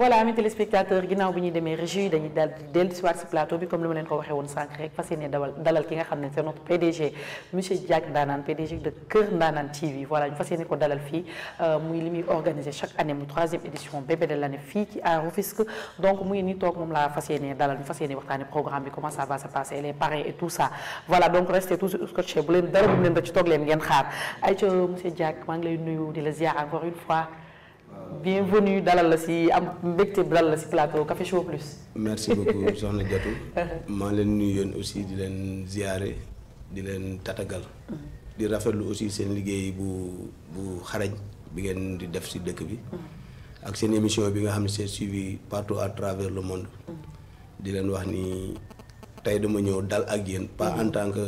voilà mes téléspectateurs ginnaaw bi ñuy demee régie dañuy daal di si waat si plateau bi comme li ma leen ko waxee woon sànq rek fas yéene dawal dalal ki nga xam ne c'est notre PDG monsieur Diack euh, li muy organisé chaque année mu troisième édition bébé de l'année fii ci à Rufisque donc muy ni toog moom laa fas yéene dalal ñu fas yéene waxtaane programme bi comment ça va se passer les parrains et tout ça voilà donc restez toujours scotchés bu leen dara bu leen rek ci leen ngeen bien bienvenue dalal la si am mbégte dalal la si plateau Café Show Plus. merci beaucoup soxna Diatou. maa leen nuyu yéen aussi di leen ziare di leen tatagal. di rafetlu aussi seen liggéey bu bu xarañ bi ngeen di def si dëkk bi. ak seen émission bi nga xam ne seen suivi partout à travers le monde. di leen wax ni. tey dama ñëw dal ak yéen pas en mhm. tant que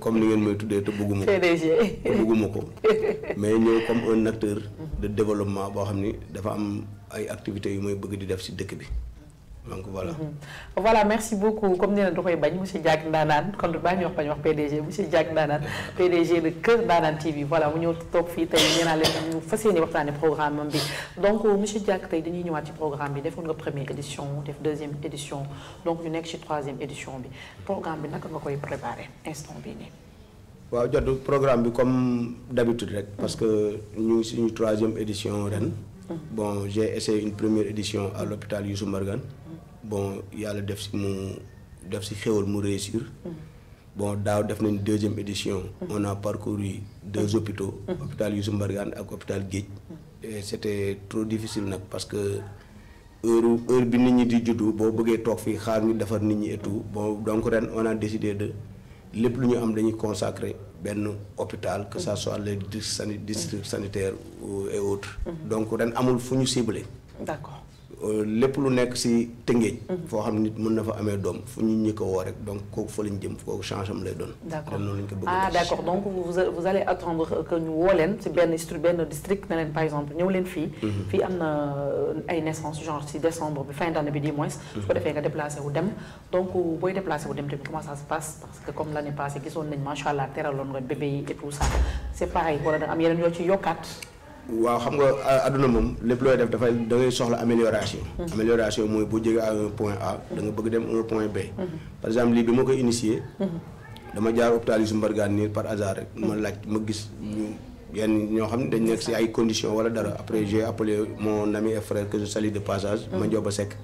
comme ni ngeen may tuddee te bëgguma ko te bëgguma ko mais ñëw comme un acteur de mhm. développement boo xam ni dafa am ay activités yu may bëgg di def si dëkk bi donc voilà. Mhm. voilà merci beaucoup comme nee na koy bañ monsieur Diack Ndanane kon baa ñu wax bañ wax PDG monsieur Diack Ndanane PDG de Kër Ndanane TV voilà mu ñëw toog fii tey nee naa leen ñu fas yéene waxtaanee programme am bi donc monsieur Diack tey dañuy ñëwaat ci programme bi defoon nga première édition def deuxième édition donc ñu nekk ci troisième édition bi programme bi naka nga koy préparé instant bii nii. waaw jot programme bi comme d'habitude rek. parce que ñu ngi suñu troisième édition ren. Mhm. bon j'ai essayé une première édition à l'hôpital Youssou Mbargane bon yàlla def si mu def si xéwal mu réussir. bon daaw def nañ deuxième édition. on a yi deux hôpitaux. hôpital Youssou Mbargane ak hôpital Géej. et c' était trop difficile nag parce que heure heure bi nit ñi di juddu boo bëggee toog fii xaar ñu defar nit ñi et bon donc ren on a décidé de lépp lu ñu am dañuy consacrer benn hôpital que ça soit les districts sanitaires et autres. Mm-hmm. donc ren amul fu ñu ciblé. d' accord. lépp lu nekk si tëngéej. Mhm. foo xam nit mën na fa amee doom fu ñu ñi ko woo rek donc kooku fa lañ jëm kooku change am lay doon. d' ah, donc vous allez attendre que ñu woo leen fii. Mhm. fii am na euh, ay naissance genre si décembre bi fin bi du moins. Mhm. su ko defee nga déplacé wu dem donc booy déplacé wu dem tamit comment ça se passe parce que comme l' année passée gisoon nañ macha allah teraloon nga bébé yi et tout ça c' est pareil am yeneen yoo ci yokkaat. waaw xam nga àdduna moom lépp looy def dafay da ngay soxla amélioration. Mm-hmm. amélioration mooy boo jege à un point A. da nga bëgg dem un point B. Mm-hmm. par exemple lii bi ma ko initié. Mm-hmm. dama jaar hôpital Youssou Mbargane nii par hasard rek. ma laaj ma gis ñu yenn ñoo xam ne dañ nekk si ay conditions wala dara après j'ai appelé mon ami et que je de passage. ma a Seck.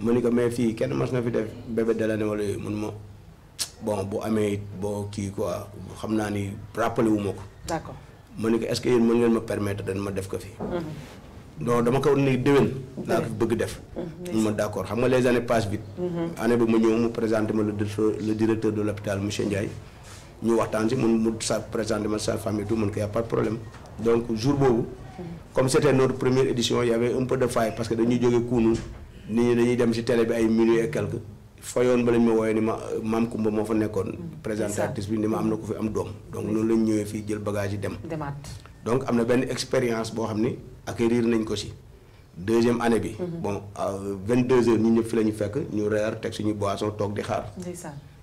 ma ni ko mais fii kenn mas na fi def bébé de l'année wala yooyu mun ma bon bu amee boo kii quoi xam naa ni rappelé ma ko. d'accord. ma ne ko est-ce que yéen mën ngeen ma permettre dañ def ko fi. Mm-hmm. non dama ko ni déwén. naa ko mm-hmm. bëgg def. ñu mm-hmm. ma d'accord xam nga les années passent vite. année bi ma ñëw mu présenté ma le directeur de l'hôpital monsieur Ndiaye. ñu waxtaan si mun mu sa présenté ma sa famille tout mun ko y pas problème donc jour boobu. comme c'était notre première édition y avait un peu de faille parce que dañuy jógee kuunu nit ñi dañuy dem si télé bi ay minutes et fayoon ba lañ ma wooyee ni ma maam Kumba moo fa nekkoon. Mm. présentatrice bi ni ma am na ko fi am doom. donc noonu lañ ñëwee fii jël bagage yi dem. demaat donc am na benn expérience boo xam ni acquérir nañ ko si. deuxième année bi. Mm-hmm. bon vingt deux heures ñun ñëpp fi la ñu fekk ñu reer teg suñu boisson toog di xaar.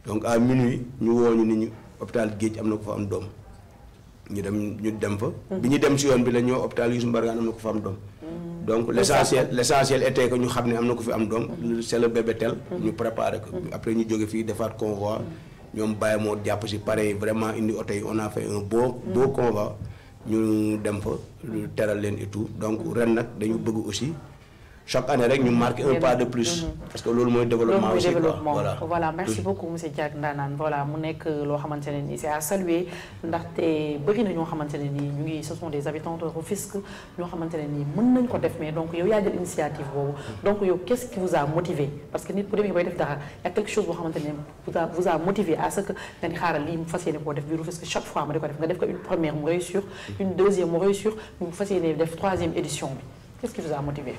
donc am à minuit ñu woo ñu ni ñu hôpital Géej am na ko fa am doom. ñu dem ñu dem fa. Mm-hmm. bi ñu dem si yoon bi la ñoo hôpital Youssou Mbargane am na ko fa am doom. Mm. donc l' essentiel l' essentiel était ñu xam ne am na ko fi am doom c' est le bébé tel ñu préparé ko mm-hmm. après ñu jóge fii defaat convoi ñoom bàyyi moo jàpp si pare vraiment indi oto yi on a fait boo beau mm-hmm. beau ñu dem fa teral leen et tout donc ren nag dañu bëgg aussi chaque année rek ñu marqué un pas de plus. Mmh. parce que loolu mooy développement aussi quoi voilà. merci mmh. beaucoup monsieur Diack Ndanane voilà mu nekk loo xamante ne nii c'est à saluer ndaxte bëri na ñoo xamante nii ñu ngi ce sont des habitants de Rufisque ñoo xamante ne nii mën nañ ko def mais donc yow yaa jël initiative boobu donc yow qu'est-ce qui vous a motivé parce que nit bu demee bay def dara y quelque chose boo xamante ne vous a vous à ce que nga ni xaaral lii mu fas yéene koo def bi Rufisque chaque fois ma di ko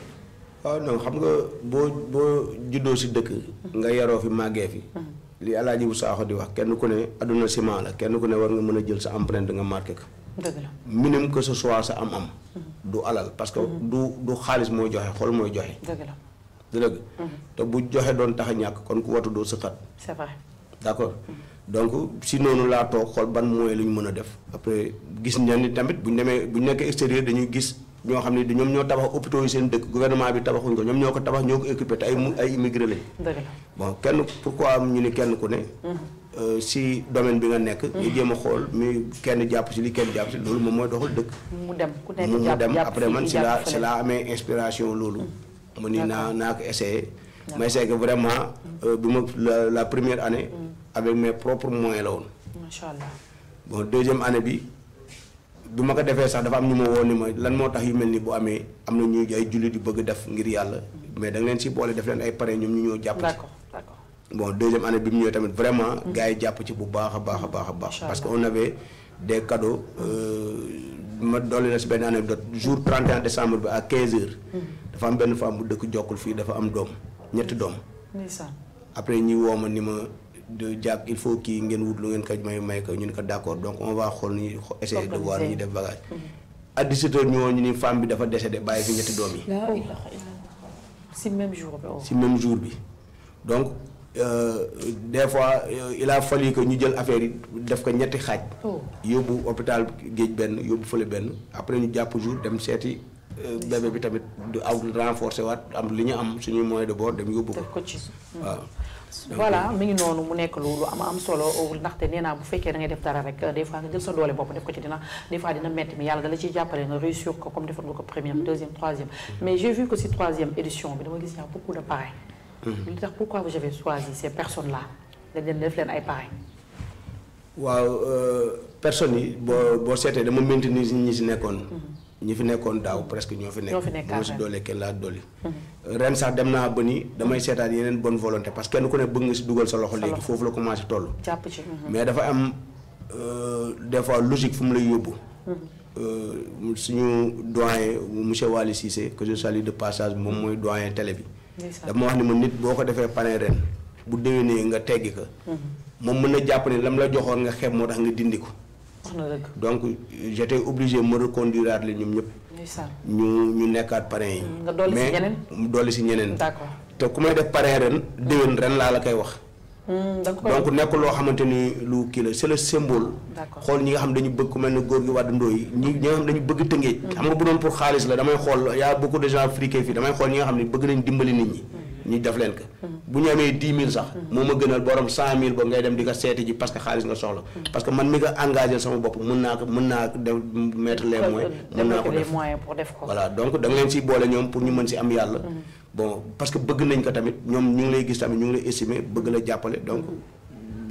waaw non xam nga boo boo juddoo si dëkk. nga yaroo fi màggee fi. li El Hadj Saaxo di wax kenn ku ne adduna ciment la kenn ku ne war nga mën a jël sa empreinte nga marqué ko. dëgg la minimum que sa am-am. du alal parce que mhm. du du xaalis mooy joxe xol mooy joxe. dëgg la du dëgg. Mhm. te bu joxe doon tax a ñàkk kon ku watu doo sëqat. c'est vrai d'accord. Mhm. donc si noonu laa toog xol ban moyen la ñu mën a def après gis ñenn tamit bu ñu demee bu ñu nekkee extérieur dañuy gis. ñoo xam ne di ñoom ñoo tabax hôpitaux yi seen dëkk gouvernement bi tabaxuñ ko ñoom ñoo ko tabax ñoo ko équipé te ay ay immigré bon kenn pourquoi am ñu ne kenn ku ne mhm. euh, si domaine bi nga nekk mhm. ñu jéem a xool mi kenn jàpp si li kenn jàpp si loolu moom mooy doxal dëkk mu dem après man si la si laa amee inspiration loolu mhm. mu ni naa naa ko essayé ma c'est que vraiment euh, bi ma la la première année avec mais propres moyens la woon macha allah bon deuxième année bi du ma ko defee sax dafa am ñu ma woo ni ma lan moo tax yu mel ni bu amee am na ñuy ay jullit yu bëgg def ngir yàlla mais da nga leen si boole def leen ay pare ñoom ñu ñëw bi mu ñëwee tamit vraiment mm-hmm. gars yi jàpp ci bu baax a baax a baax a baax parce que on avait des cadeaux euh, ma dolli na si benn anecdote jour 31 décembre bi à 15 heures mm-hmm. dafa am benn femme bu dëkk jokkul fii dafa am doom ñetti doom après ñi woo ma ni ma de jàpp il faut kii ngeen wut lu ngeen ko may may ko ñu ne ko d'accord donc on va xool ni ñuy de voir ni def bagage. à 17 ñu woon ñu ni femme bi dafa décédé bàyyi fi ñetti doom yi. Oh. si même jour bi. donc euh, des fois euh, il a fallu ñu jël affaire yi def ko ñetti xaaj. Oh. yóbbu hôpital géej benn yóbbu fële benn après ñu jàpp jour dem seeti. Euh, bébé bi tamit du aw renforcer waat am li ñu am suñuy moyen de bord dem yóbbu ko. waaw. voilà mi ngi noonu mu nekk lu lu am am solo oo ndaxte nee naa bu fekkee da ngay def dara rek des fois nga jël sa doole bopp def ko ci dina des fois dina metti mais ko comme defoon nga ko première deuxième troisième mm-hmm. mais j'ai vu que si troisième édition bi dama gis y a beaucoup de mm-hmm. li tax pourquoi vous avez choisi ces personnes là dañ leen def leen ay parrain waaw euh, personnes yi boo boo seetee dama maintenir ñi si nekkoon mm-hmm. ñi fi nekkoon daaw presque ñoo fi nekk moo si doolee kenn laa dolli mhm. ren sax dem naa ba ni damay seetaat yeneen bonne volonté parce que kenn ko ne bëgg nga si dugal sa loxo léegi foofu la commencé toll mhm. mais dafa am euh, des fois logique fu mu lay yóbbu mhm. euh, suñu doyen monsieur Waly Cissé que je salue de passage moom mooy doyen télé bi dama wax ni ma nit boo ko defee panel ren bu déwénee nga teggi ko moom mën na jàpp ne lam la joxoon nga xeeb moo tax nga dindi ko donc j' étais obligé ma reconduiraat la ñoom ñëpp. ñu ñu nekkaat parrain yi. nga mais dolli si ñeneen. d'accord te ku may def parrain ren déwén ren laa la koy wax. Hmm, donc nekk loo xamante ni lu kii la c' est le symbole. xool ñi nga xam dañu bëgg ku mel ne góor gi wàddu yi ñi nga xam dañu bëgg tëngéej. Hmm. xam nga bu doon pour xaalis la damay xool y' a beaucoup de gens friqués fii damay xool ñi nga xam ne bëgg nañ dimbali nit ñi. Hmm. ñu def leen ko bu ñu amee dix mille sax mm-hmm. moo ma gënal borom cent mille ba ngay dem di ko seeti ji parce que xaalis nga soxla mm-hmm. parce que man mi nga engagé sama bopp mën naa ko mën naa def mettre les moyens mën naa ko def voilà donc da leen si boole ñoom pour ñu mën si am yàlla mm-hmm. bon parce que bëgg nañ ko tamit ñoom ñu lay gis tamit ñu lay estimer bëgg la jàppale donc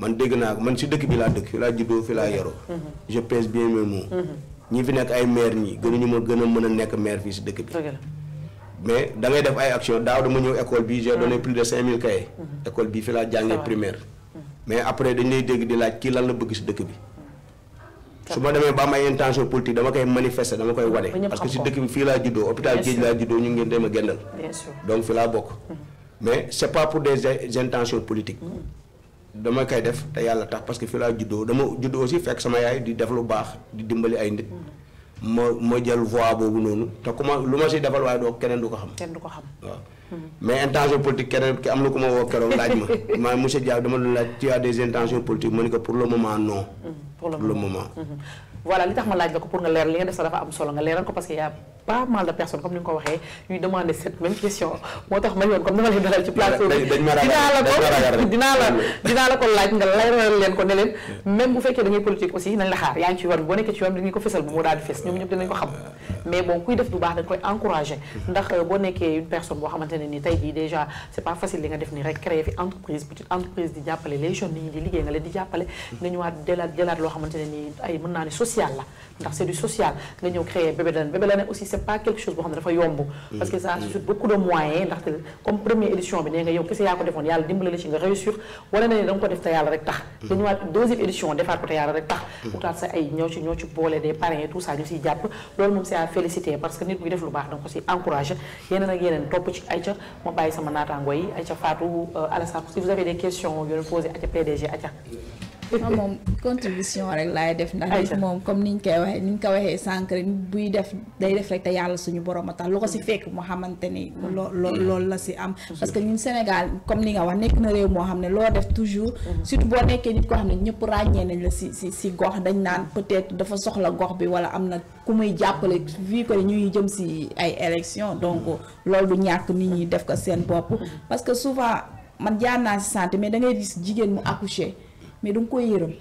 man dégg naa man si dëkk bi laa dëkk fi laa juddoo fi laa yaroo. Mhm. je pèse mhm. fi nekk ay maire ñi gënuñu ma gën a mën a nekk maire fii dëkk mais da def ay action daaw dama ñëw école bi j'ai mhm. donné bi fi laa jàngee primaire. mais après dañ lay dégg di laaj kii lan la bëgg si dëkk bi. su ma demee ba am ay intention politique dama koy manifester dama koy wane. parce que si dëkk bi fii laa juddoo hôpital géej laa juddoo ñu ngi leen dem a gendal. donc fi laa bokk. mais c'est pas pour des intentions politiques. dama koy def te yàlla tax parce que fi laa juddoo dama juddoo aussi fekk sama yaay di def lu baax di dimbali ay nit. ma ma jël voix boobu noonu te ku ma lu ma si defal waaye doo keneen du ko xam. kenn du ko xam waaw. mais intention politique keneen ki am na ku ma woo keroog laaj ma. ma monsieur Diaw dama doon laaj tu as des intentions politiques ma ne pour le moment non. Mm, pour le moment. Mm-hmm. voilà li tax ma laaj la ko pour nga leeral li nga def sax dafa am solo nga leeral ko parce que pas mal de personnes comme ni nga ko waxee ñuy demander cette même question moo tax ma ñëwoon comme dama la ko laaj nga leeral leen ko ne leen même bu fekkee da politique aussi nañ la xaar yaa ngi ci yoon boo nekkee ci yoon bi dañuy ko fésal ñoom ñëpp dinañ ko xam mais bon kuy def du baax dañ koy encourager mm-hmm. ndax euh, boo nekkee personne boo xamante nii rek social la ndax c'est du social nga ñëw créer bébé la bébé la aussi c'est pas quelque chose boo xam ne dafa yomb mm. parce que ça mm. suscite beaucoup de moyens ndaxte comme première édition bi nee nga yow kese yaa ko defoon yàlla dimbali la ci nga réussir wala na ne da ko def te yàlla rek tax mm. nga ñëwaat defaat ko te yàlla rek tax pourtant sa ay ñoo ci ñoo ci boole des parents et tout ça jàpp loolu moom c'est à féliciter parce que nit buy def lu baax da man moom contribution rek laay def ndax moom comme ni ñu koy waxee niñ ko waxee sànq buy def day def rek te yàlla suñu borom a tax lu ko si fekk moo xamante ni mm. loo loolu la si am parce que ñun Sénégal comme li nga wax nekk na réew moo xam ne loo def toujours mm-hmm. surtout boo nekkee nit koo xam ne ñëpp ràññee nañ la si si si gox dañ naan mm-hmm. peut-être dafa soxla gox bi wala am na ku muy jàppale mm-hmm. vu que ñuy jëm si ay élection donc loolu du ñàkk nit ñi def ko seen bopp parce que souvent man jaar naa si mais da ngay jigéen mu accoucher mais da nga koy yërëm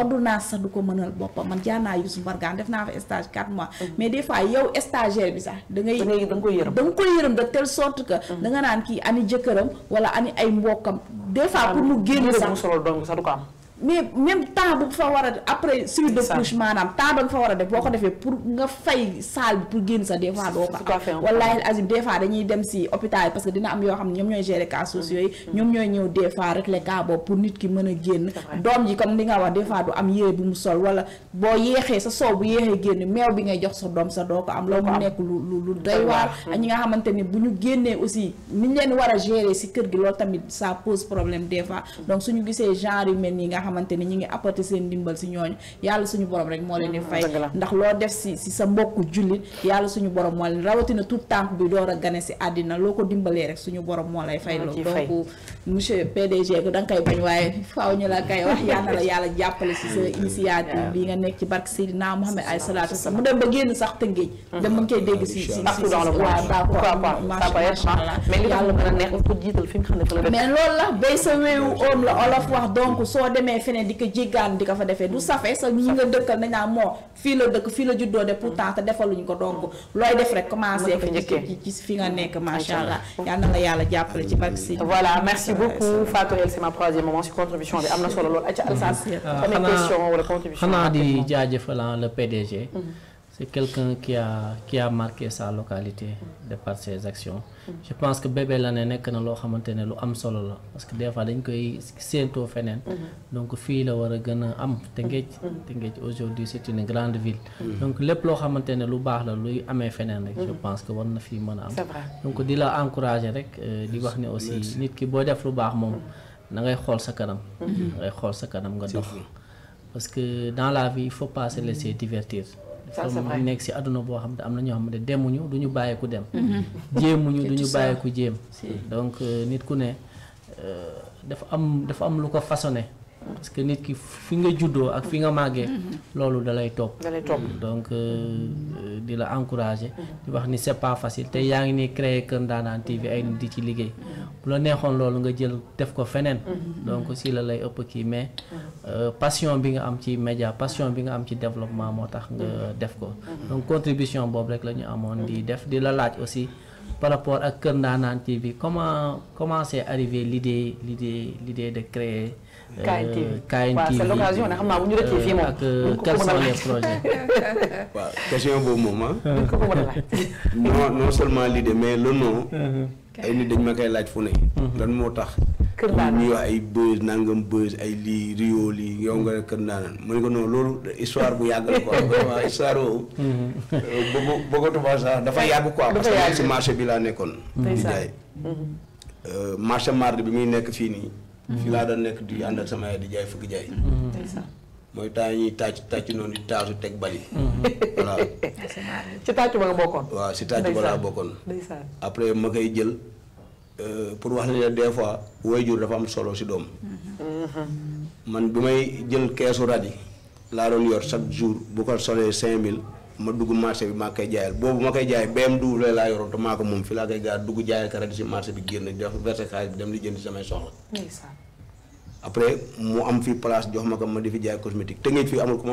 ordonnance sax du ko mënal boppam man jaanaa Youssou Mbargane def naa fa stage 4 mois mm. mais des yow stagiaire bi sax da ngay da nga koy yërëm da nga koy yërëm de telle sorte que mm. da nga naan kii ani jëkkëram wala ani ay mbokkam des fois pour mu génn sax solo dong sax du ko am mais même temps bu fa war a de couche maanaam temps ba a def boo ko defee pour nga fay salle bi pour génn sa des fois doo ko am wallaahi azim des fois dañuy dem si hôpital parce que dina am yoo xam ne ñoom ñooy gérer cas sociaux mm-hmm. ñooy ñëw des fois rek le cas boobu ki mën a génn doom ji comme li nga wax des fois du am yére sol wala boo yeexee sa soow bu yeexee génn bi ngay jox sa doom sa doo ko am loo mu nekk lu lu doy waar mm-hmm. ak ñi nga xamante ni bu ñu génnee aussi ni leen war a gérer si kër gi loolu tamit sa pose problème des fois mm-hmm. donc suñu gisee genre yu mel nii nga xamante ni ñi ngi apporter di mm-hmm. fay a gane loolu da nga la koy wax yàlla si sa mm-hmm. initiative bi nga nekk ci barke Seydina Mohamed alayhi salaatu mu dem ba génn sax tëngéej mm-hmm. da mën koy dégg si si mais loolu la bay sa wéewu oom la olof wax donc soo demee demee feneen di ko jéggaanu di ko fa defee du safee sa ñi nga dëkkal nañ naa moo fii la dëkk fii la juddoo de pourtant te defaluñ ko donc looy def rek commencé ko ci fi nga nekk macha allah yal na la yàlla jàppale ci barke si voilà merci beaucoup Fatou El c'est bi am na solo lool. ayca Alsace. Euh, xanaa xanaa di jaajëfal le PDG. Mhm. C'est quelqu'un qui a ki a marqué sa localité de par ses actions. Je pense que Bébé Lané nekk na loo xamante ne lu am solo la parce que des fois dañ koy séentoo feneen. donc fii la war a gën a am te Tëngéej aujourd'hui c'est une grande ville. donc lépp loo xamante ne lu baax la luy amee feneen rek. je pense que war na fii mën a am. donc di la encourager rek euh, di wax ne aussi nit ki boo def lu baax moom da ngay xool sa kanam. da mhm. xool sa kanam nga dox. que dans la ça c'est vrai nekk si àdduna boo xam ne am na ñoo xam ne demuñu du ñu bàyyi ku dem. Mhm. jéemuñu du ñu bàyyi ku jéem. donc euh, nit ku ne euh, dafa am dafa am lu ko façonné. parce que nit ki fi nga juddoo ak fi nga màggee mhm. loolu dalay topp donc euh, euh, di la encourager di wax ni c'est pas facile te yaa ngi ne créer Kër Ndanaan TV ay nit di ci liggéey bu la neexoon loolu nga jël def ko feneen mhm. donc si la lay ëpp kii mais euh, passion bi nga am ci média passion bi nga am ci développement moo tax nga def ko mhm. donc contribution boobu rek lañu amoon di def di la laaj aussi par rapport ak Kër Ndanaan TV comment comment c'est arrivé l'idée de créer KNTV euh, KNTV c'est l'occasion nag xam naa bu ñu rëccee fii moom. ak quels sont les projets. waaw question boobu moom ah. duñ ko ko mën a laaj. non non seulement l'idée mais le nom. ay nit dañ ma koy laaj fu ne. Mhm. lan moo tax. kër daanaka ñuy wax ay buzz nangam buzz ay lii rio lii yow nga kër daanaka ma ne ko non loolu histoire bu yàgg la quoi vraiment histoire boobu. Mhm. Euh, bëggu bëggatu ba sax dafa yàgg quoi. dafa yàgg parce que si marché bi laa nekkoon. di jaay mhm. euh, marché mardi bi muy nekk fii nii. fi laa doon nekk di ànd ak sama yaay di jaay fukki jaay. mooy temps yi ñuy tàcc tàcc noonu di taasu teg bali. voilà. Mm-hmm. ci tàcc ba nga bokkoon. waaw si tàcc ba laa bokkoon. après ma koy jël euh, pour wax la des fois jur dafa am solo si doom. Mm-hmm. man bi may jël keesu rajo laa doon yor chaque jour bu ko solee cinq mille. ma dugg marché bi ma koy jaayal boobu ma koy jaay BMW lay laa yoroon te maa ko moom fi laa koy gaa dugg jaayal kara di si marché bi génn mu am fii place jox ma ko ma di fi jaay cosmétique te ngeen fii amul ku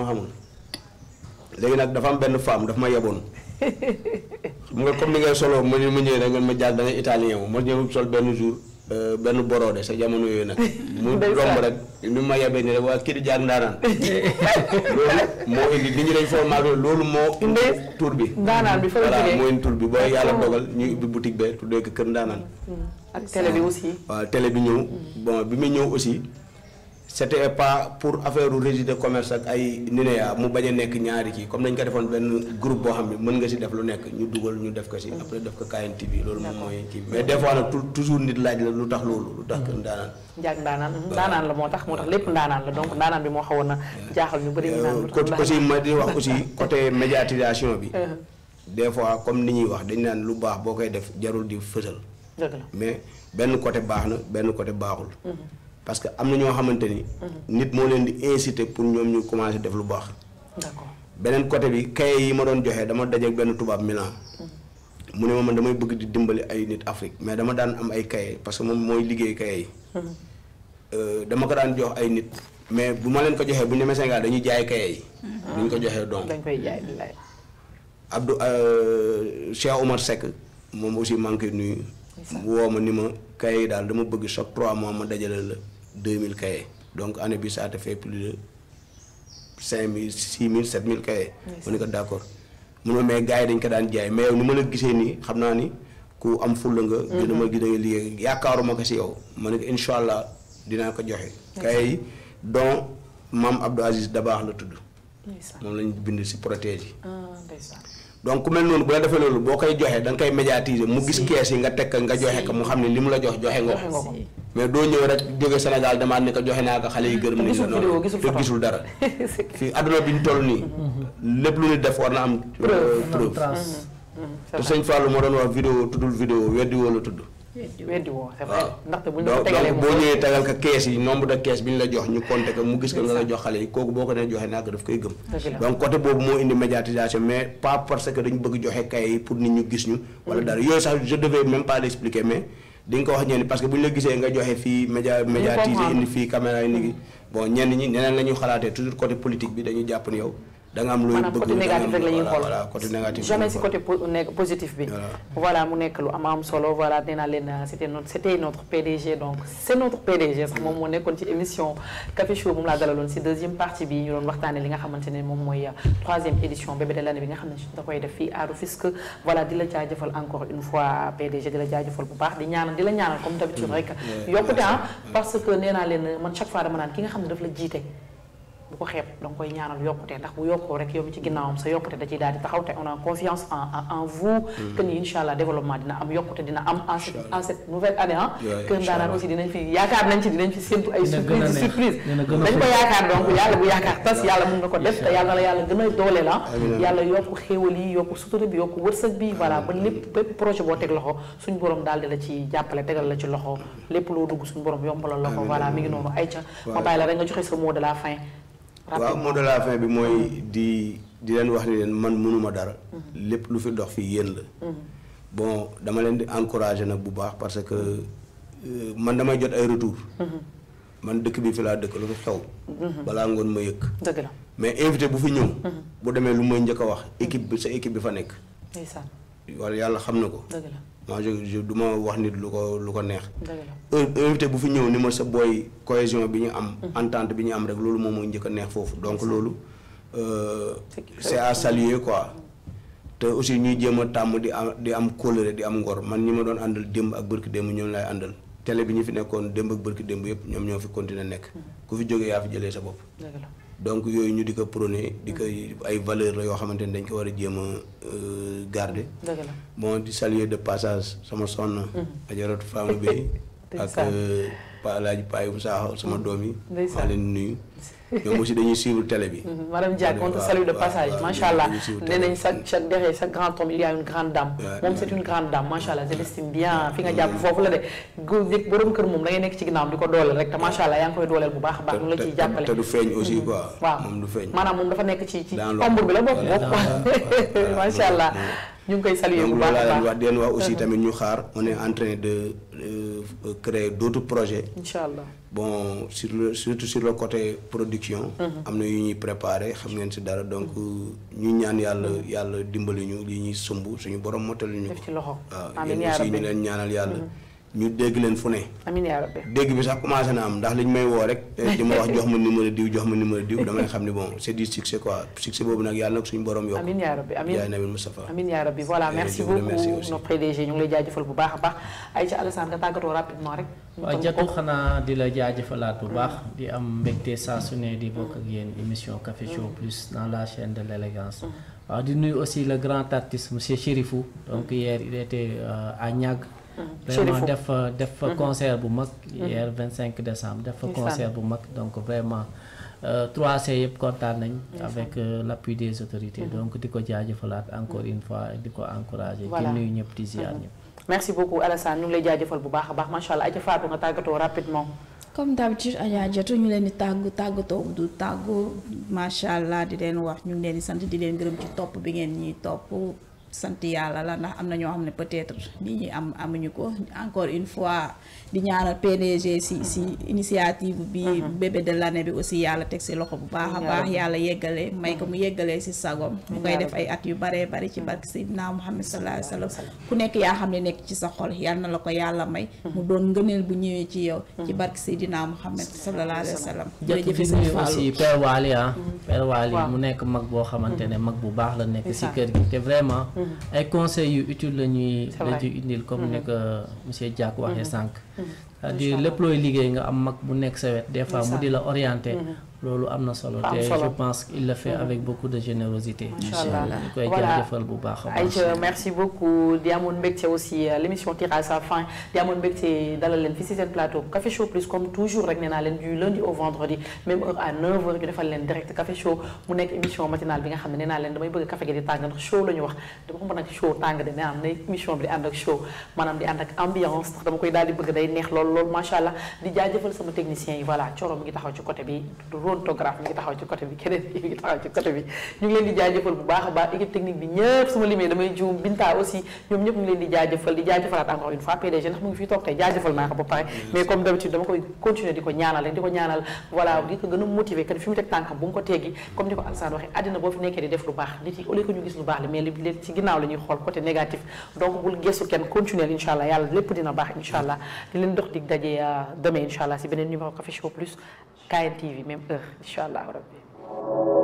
léegi nag dafa am benn femme dafa ma yeboon mu nga comme ni ngay solo ma ma ñëwee da ngeen ma jaar da ngay italien ma ñëw sol benn jour. Euh, benn boroode sa jamono yooyu nag. mu romb rek ni ma yebee ni rek waa kii di jaar ndaanaan. loolu moo indi nit ñi dañ foo maaglo loolu moo. indi tur bi. ndaanaan bi fa la jógee moo indi tur bi boo yàlla dogal ñu ubbi boutique bee tuddee ko kër ndaanaan. Hmm. ak télé bi aussi. waaw télé bi ñëw. Hmm. bon bi muy ñëw aussi. c'était pas pour affaire registre de commerce ak ay NINEA mu bañ nekk ñaari kii comme dañ ko defoon benn groupe boo xam ne mën nga si def lu nekk ñu dugal ñu def ko si. après def ko KNTV loolu moom mooy. kii mais des fois nag toujours nit laaj la lu tax loolu. lu tax mm-hmm. ndaanaan. njaag ndaanaan ndaanaan la moo tax moo tax lépp ndaanaan la donc ndaanaan bi moo xawoon na jaaxal ñu bëri ñu naan. Euh, lu aussi ma bi. Euh. des fois comme ni ñuy wax dañ naan lu baax boo koy def jarul di fësal. mais benn côté baax na benn côté baaxul. Mm-hmm. parce que am na ñoo xamante ni. Mhm. nit moo leen di inciter pour ñoom ñu commencer def lu baax. d'accord beneen côté bi kaye yi ma doon joxe dama daje benn tubaab Milan. Mhm. mu ne ma man damay bëgg di dimbali ay nit Afrique mais dama daan am ay kaye parce que moom mooy liggéey kaye yi. Mhm. Euh, dama ko daan jox ay nit. mais bu ma leen ko joxee bu ñu demee Sénégal dañuy jaay kaye yi. duñ ko joxee donc dañ koy jaay billaay. Abdou euh, Cheikh Omar moom aussi maa nuyu. woo ma ni ma kaye yi daal dama bëgg chaque trois mois ma dajalee la. deux mille cahiers donc année bi ça te fait plus de 5000 6000 7000 cahiers. mu ne ko d' accord mu ne mais gars yi dañ ko daan jaay mais yow ni ma la gisee nii xam naa ni ku am fulla nga. Mhm. gën a ma gën a liggéey yaakaaruma ko si yow. ma ne ko incha allah dinaa ko joxe. cahiers yi donc maam Abdou Aziz baax la tudd. moom lañ bind si protège yi. Ah, donc ku mel noonu bu la defee loolu boo koy joxe da nga koy médiatiser mu gis kees yi nga teg nga joxe ko mu xam ne li mu la jox joxe nga ko mais doo ñëw rek jóge Sénégal demaat ne ko joxe naa ko xale yi gërëm nañu noonu te gisul dara fii adduna bi ñu toll nii mm-hmm. lépp lu ñu def war na am preuve euh, mm-hmm. Mm-hmm. te sëñ Fallou moo doon wax vidéo tuddul vidéo weddi woo la tudd weddi woo c'est vrai ah. ndaxte bu la boo ñëwee tegal ko kees yi nombre de kees bi ñu la jox ñu compter ko mu gis ko nga la jox xale yi kooku boo ko nee joxee naa ko daf koy gëm donc côté boobu moo indi médiatisation mais pas parce que dañu bëgg joxe kay yi pour nit ñu gis ñu wala dara mm. yooyu sax je devais même pas l'expliquer mais di ko wax ñenn parce bu ñu la gisee nga joxe fii média médiatiser indi fii caméra yi nigi mm. bon ñenn ñi neneen la xalaatee toujours côté politique bi dañuy jàpp ni yow da nga am looy bëgg côté négatif rek la ñuy xool côté négatif jamais si côté positif bi voilà mu nekk lu am am solo voilà nee leen euh, c'était notre PDG donc c'est notre PDG sax moom moo nekkoon ci émission Café Show moom laa dalaloon si deuxième partie bi ñu doon waxtaane li nga xamante ne moom mooy euh, troisième édition bébé de l'année bi nga xam ne da koy def fii à Rufisque voilà di la jaajëfal encore une fois PDG di la jaajëfal bu baax di ñaanal di la ñaanal comme d'habitude mm. Mm. Ah, mm. naa leen man chaque fois nga xam ne daf la bu ko xeeb da nga koy ñaanal yokkute ndax bu yokkoo rek yow mi ci ginnaawam sa yokkute da ciy daal di taxaw te a mm-hmm. que ni incha allah yaakaar nañ ko yàlla bu yaakaar tas yàlla mun nga ko def te yàlla la yàlla gën a doole la ah. yàlla yokk xéewal yi yokk sutura bi yokk wërsëg bi voilà ba lépp bépp projet boo teg loxo suñ borom daal di la ci jàppale tegal la ci loxo lépp loo dugg suñ borom yombalal la ko voilà mi ngi noonu ayca ma bàyyi rek nga joxe sa mot de fin waaw mot de la fin bi mooy di di leen wax ni leen man mënuma dara. Mhm. lépp lu fi dox fii yéen la. Mhm. bon dama leen di encourager nag bu baax parce que euh, man damay jot ay retour mhm. man dëkk bi fi laa dëkk lu fi xew. balaa ngoon ma yëkk. dëgg mais invité bu fi ñëw. bu demee lu may njëkk a wax équipe bi sa équipe bi fa nekk. ndeysaan. wala yàlla xam na ko. ah je je du ma wax nit lu ko lu ko neex. invité bu fi ñëw ni ma sa booy cohésion bi ñu am. Mhm. entente bi ñu am rek loolu moom moo njëkk neex foofu donc loolu. c'est euh, à saluer quoi. te aussi ñuy jéem a tàmm di am di am kóllëre di am ngor man ñi ma doon àndal démb ak bërki démb ñoom laay àndal télé bi ñu fi nekkoon démb ak bërki démb yëpp ñoom ñoo fi continuer nekk. Mhm. ku fi jógee yaa fi jëlee sa bopp. donc yooyu ñu di ko prôné di koy mm. ay valeur la yoo xamante ni dañ ko war a jéem a euh, garder. bon di saluer de passage sama sonn. Mm. ajaratu Fama Bey ak euh, Pa Alaaji Payu Saaxo sama mm. doom yi. maa leen nuyu. ñoom dañuy suivre télé bi. Mm-hmm. madame Diak on te de passage macha allah chaque chaque grand homme il y a une grande dame. moom c' une grande dame macha allah bien fi nga jàpp foofu la de góor borom kër moom da nekk ci ginnaawam di ko dooleel rek te macha yaa ngi koy dooleel bu baax baax. ñu la ciy jàppale te du feeñ mm-hmm. aussi quoi. waaw moom du feeñ maanaam moom dafa nekk ci ci ombre bi la bokk bokk macha ñu ngi koy saluer Euh, créer d'autres projet incha allah bon sur le surtout sur le côté production. Mhm. am na yu ñuy préparer xam ngeen si dara donc ñu ñaan yàlla yàlla dimbali ñu li ñuy sumb suñu borom motal ñu ko. loxo amiin yaa rabbi waaw ñu leen ñaanal yàlla. Mhm. ñu dégg leen fu ne. amiin dégg bi sax commencé na am ndax liñ may woo rek. di eh, ma wax jox ma numéro jox ma numéro diw damay xam ni bon c'est du succès quoi succès boobu nag yàlla nag suñu borom yokk. amiin yaa rabbi amiin yaa nabi Moustapha. amiin yaa rabbi voilà eh, merci beaucoup nos PDG a baax. Aïcha di la jaajëfalaat baax di am mbégte saa su ne di bokk ak yéen mission Café Show mm-hmm. plus dans la chaîne de l'élégance mm-hmm. waaw di nuyu aussi le grand artiste monsieur Chérifou donc hier il était euh, à Niag vraiment def fa def fa mhm. concert bu mag. hier mhm. 25 décembre def fa concert bu mag donc vraiment. 3C euh, yëpp kontaan nañ. avec euh, l'appui des autorités. Mhm. donc di ko jaajëfalaat encore une fois di ko encourager. voilà di nuyu ñëpp di ziar ñëpp. merci beaucoup Alassane ñu jaajëfal bu baax a baax macha allah aja faatu nga tàggatoo rapidement. comme d'habitude Adja Diatou ñu leen di tàggu tàggatoo du tàggu macha allah di leen wax ñu ngi leen di sant di leen gërëm ci topp bi ngeen ñi topp. sant yàlla la ndax am na ñoo xam ne peut-être lii ñuy am amuñu ko encore une fois di ñaanal PDG si si initiative bi mhm. bébé de l'année bi aussi yàlla teg si loxo bu baax a baax yàlla yeggale may ko mu yeggalee si sagom mu koy def ay at yu baree bari ci barke Seydina Muhammad sallallahu alayhi wa sallam ku nekk yaa xam ne nekk ci sa xol yal na la ko yàlla may mhm. mu doon gëneel bu ñëwee ci yow mhm. ci barke Seydina Muhammad sallallahu alayhi wa sallam jërëjëf sëñ aussi Père ah. mu nekk mag boo xamante ne mag bu baax la nekk si vraiment Mm-hmm. ay conseils yu utile la ñuy la ñuy indil comme ni mm-hmm. ko monsieur Diack waxee mm-hmm. sànq c'est-à-dire lépp looy liggéey nga am mag bu nekk sa wet des mu di la orienté loolu am na solo te je pense qu'il le fait mm-hmm. avec beaucoup de générosité. incha allah ñu koy jaajëfal bu baax a baax. Aïcha merci beaucoup di amoon mbégte aussi euh, l' émission tire sa fin di amoon mbégte dalal leen fii si seen plateau Café Show nee mu nekk émission matinale bi nga xam ne nee leen damay bëgg café gi di tàng ndax show la wax dama mën a show tàng de nee am émission bi di ànd ak show maanaam di ànd ak ambiance dama koy daal di bëgg day neex lool lool macha allah di jaajëfal sama technicien yi voilà ci côté gontographe ndax mu ngi fii toog tey jaajëfal naa ko ba pare mais comme d'habitude ko ñaanal di ko ñaanal voilà àddina boo fi nekkee di def lu baax nit yi au lieu ñu gis lu baax li mais ci ginnaaw la xool côté négatif donc bul gestu kenn continuer incha yàlla lépp dina baax incha di leen dox dig daje euh, demain incha allah si beneen numéro Café Show Plus KN TV incha allah rabbi